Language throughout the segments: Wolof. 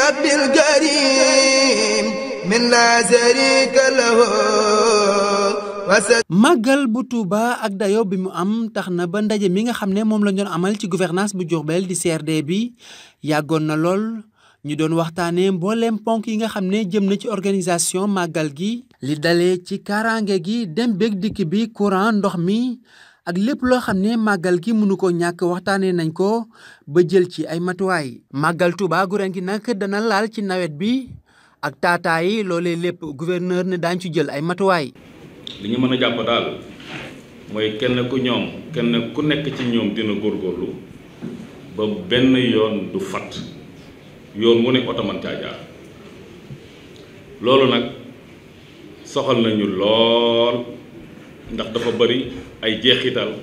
رب الكريم من màggal bu tuuba ak dayo bi mu am tax na ba ndaje mi nga xam ne moom lañ doon amal ci gouvernance bu Diourbel di CRD bi yàggoon na lool ñu doon waxtaanee mbooleem ponk yi nga xam ne jëm na ci organisation màggal gi. li dale ci kaaraange gi dem beeg dikk bi courant ndox mi. ak lépp loo xam ne màggal gi mënu ko ñàkk waxtaanee nañ ko ba jël ci ay matuwaay. màggal Touba gu ren gi nag dana laal ci nawet bi ak taataa yi lépp gouverneur ne daañu ci jël ay matuwaay. li ñu mën a jàpp daal mooy kenn ku ñoom kenn ku nekk ci ñoom dina góorgóorlu ba benn yoon du fat yoon wu ne oto loolu nag soxal nañu lool. ndax dafa bari ay jeexital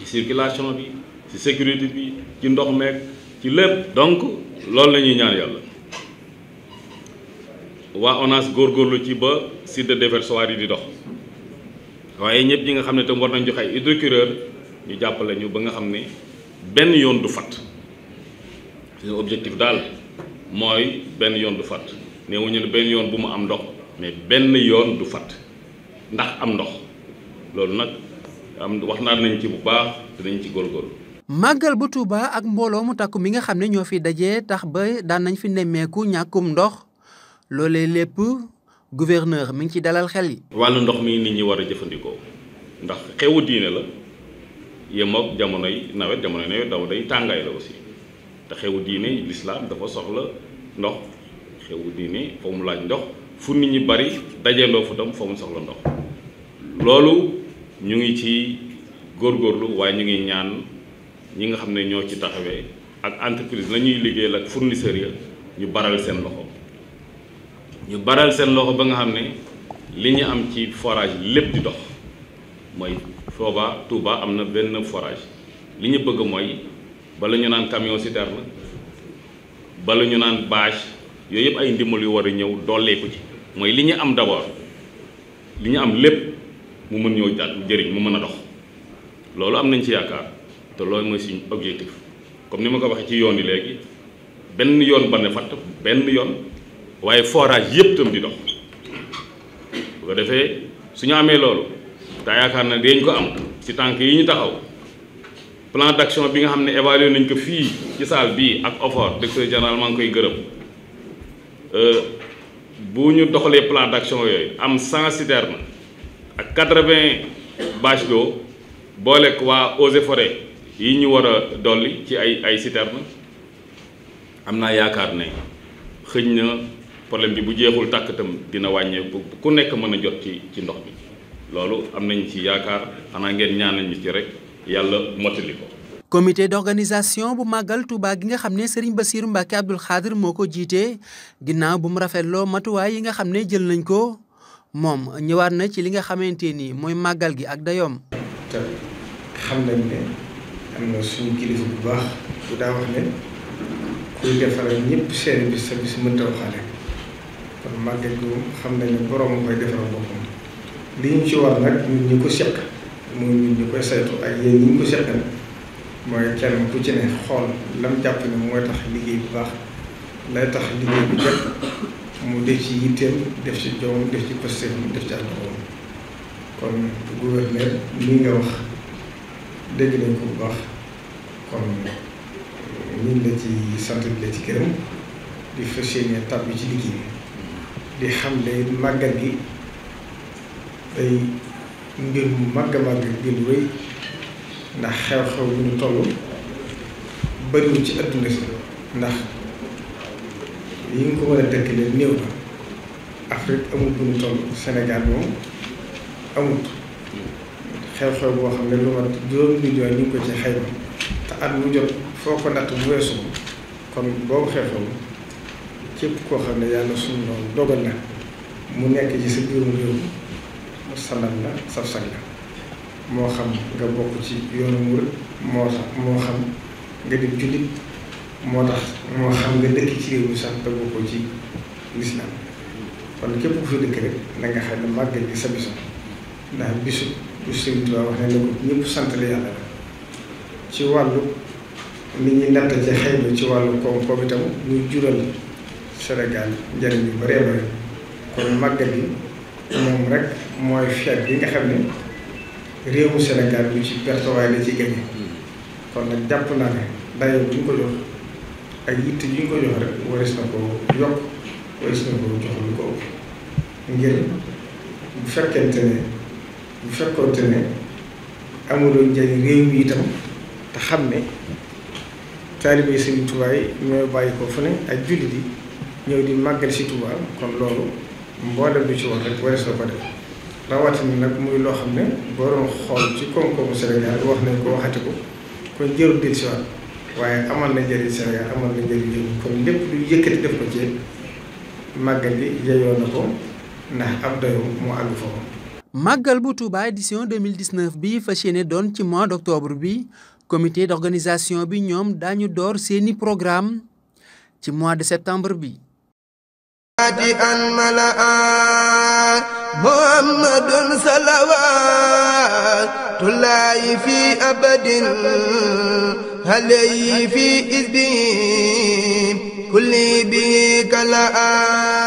ci circulation bi ci sécurité bi ci ndox meek ci lépp donc loolu la ñuy ñaan yàlla waa ONAS góorgóorlu ci ba site de déversoir yi di dox waaye ñëpp ñi nga xam tam war nañ joxe ay hydrocureur ñu jàppale ñu ba nga xam ne benn yoon du fat suñu objectif daal mooy benn yoon du fat néewuñu ne yoon bu mu am ndox mais ben yoon du fat ndax am ndox loolu nag am wax naa nañ ci bu baax dinañ ci góorgóorlu màggal bu Touba ak mbooloo mu takku mi nga xam ne ñoo fi dajee tax ba daan nañ fi nemmeeku ñàkkum ndox loolee lépp gouverneur mi ngi ci dalal xel yi wàllu ndox mi nit ñi war a jëfandikoo ndax xewu diine la yem ak jamonoy nawet jamonoy nawet daw day tàngaay la aussi te xewu diine lislaam dafa soxla ndox xewu diine fa mu laaj ndox fu nit ñi bari fu mu soxla ndox loolu ñu ngi ci góorgóorlu waaye ñu ngi ñaan ñi nga xam ne ñoo ci taxawee ak entreprise la ñuy liggéeyal ak fournisseurs ya ñu baral seen loxo ñu baral seen loxo ba nga xam ne li ñu am ci forage lépp di dox mooy Fooba Touba am na benn forage li ñu bëgg mooy bala ñu naan camion citerne bala ñu naan bâche yooyu yëpp ay ndimbal yu war a ñëw dooleeku ci mooy li ñu am d'abord li ñu am lépp mu mën ñoo daal mu jëriñ mu mën a dox loolu am nañ ci yaakaar te loolu mooy suñ objectif comme ni ma ko waxee ci yoon yi léegi benn yoon ba ne fatt benn yoon waaye forage yépp tam di dox bu ko defee suñu amee loolu te yaakaar na dañ ko am ci tànk yi ñu taxaw plan d' action bi nga xam ne évalué nañ ko fii ci salle bii ak offort directeur général maa ngi koy gërëm euh, bu ñu doxalee plan d' action yooyu am 100 citerne ak quatre-vingts bâche d'eau booleeg waa eaux et yi ñu war a dolli ci ay ay citernes am naa yaakaar ne xëñ na problème bi bu jeexul tàkk tam dina wàññeeku ku nekk mën a jot ci ci ndox mi loolu am nañ ci yaakaar xanaa ngeen ñaanal ñu ci rek yàlla mottali ko. comité d'organisation bu màggal Touba gi nga xam ne Serigne basiir Mbacké Abdoul Khadr moo ko jiite ginnaaw bu mu rafet loo matuwaay yi nga xam ne jël nañ ko. moom ñëwaat na ci li nga xamante nii mooy màggal gi ak dayoom. te xam nañ ne am na suñu kilifa bu baax bu daa wax ne kuy defaral ñëpp seen bis sa bis mënta waxaale kon màggal gi xam nañ ne borom koy defaral boppam li ñu ci war nag ñun ñu ko seq mooy ñun ñu koy saytu ak yéen ñi ñu ko seqal mooy kenn ku ci ne xool lam jàpp ne mooy tax liggéey bu baax lay tax liggéey bu jot. mu def ci yitteem def ci jom def ci postéem def ci àndoxoom kon gouverneur lii nga wax dégg nañ ko bu baax kon mu ngi la ci sant bi ci gërëm di fas yéene tàbbi ci liggéey bi di xam le màggal gi day ngir mu màgg a màgg ndax xew-xew bu ñu toll bëriwul ci adduna si ndax yi nga ko war a dëkkale néew na Afrique amul bu ñu toll Sénégal moom amut xew-xew boo xam ne lu mat juróomi million ñu ko ci xayma te at mu jot foo ko natt bu weesu kon boobu xew-xew képp koo xam ne yàlla suñu noonu dogal na mu nekk ci sa biirum réew mu sanal la saf sag la moo xam nga bokk ci yoonu murit moo moo xam nga di jullit moo tax moo xam nga dëkk ci réew mi sax te ci lislaam kon képp ku fi dëkk rek na nga xam ne màggal gi sa bisu ndax bisu bu Sëriñ Tuubaa wax ne ne ko sant la yàlla la ci wàllu nit ñi natt ci xayma ci wàllu koom-koom itam muy jural Sénégal njëriñ yu bëree bëri kon màggal gi moom rek mooy feet bi nga xam ne réewu Sénégal bu ci perte waaye la ci gagné kon nag jàpp naa ne dayoo bu ñu ko jox. ak yitte yi ñu ko jox rek waris na ko yokk waris na ko jox lu ko ëpp ngir bu fekkente ne bu fekkoonte ne amuloo njëriñ réew mi itam te xam ne taalibe Sëriñ Tuubaa yi ñooy bàyyi ko fu ne ak jullit yi ñëw di màggal si Tuubaa kon loolu mboolem bi ci wax rek waris na ko def rawatina nag muy loo xam ne boroom xool ci koom-koomu Sénégal wax nañ ko waxati ko kon jërul dellusiwaat waaye amal na njëriñ Sénégal amal na njëriñ yëpp kon lépp lu yëkkati def ko ci màggal gi yeyoo na ko ndax ab dayoo moo àgg foofu. màggal bu Touba édition 2019 bi fas yéene doon ci mois d' octobre bi comité d' organisation bi ñoom daañu door seeni programme ci mois de septembre bi. محمد صلوات الله في أبد عليه في إذن كل به الآن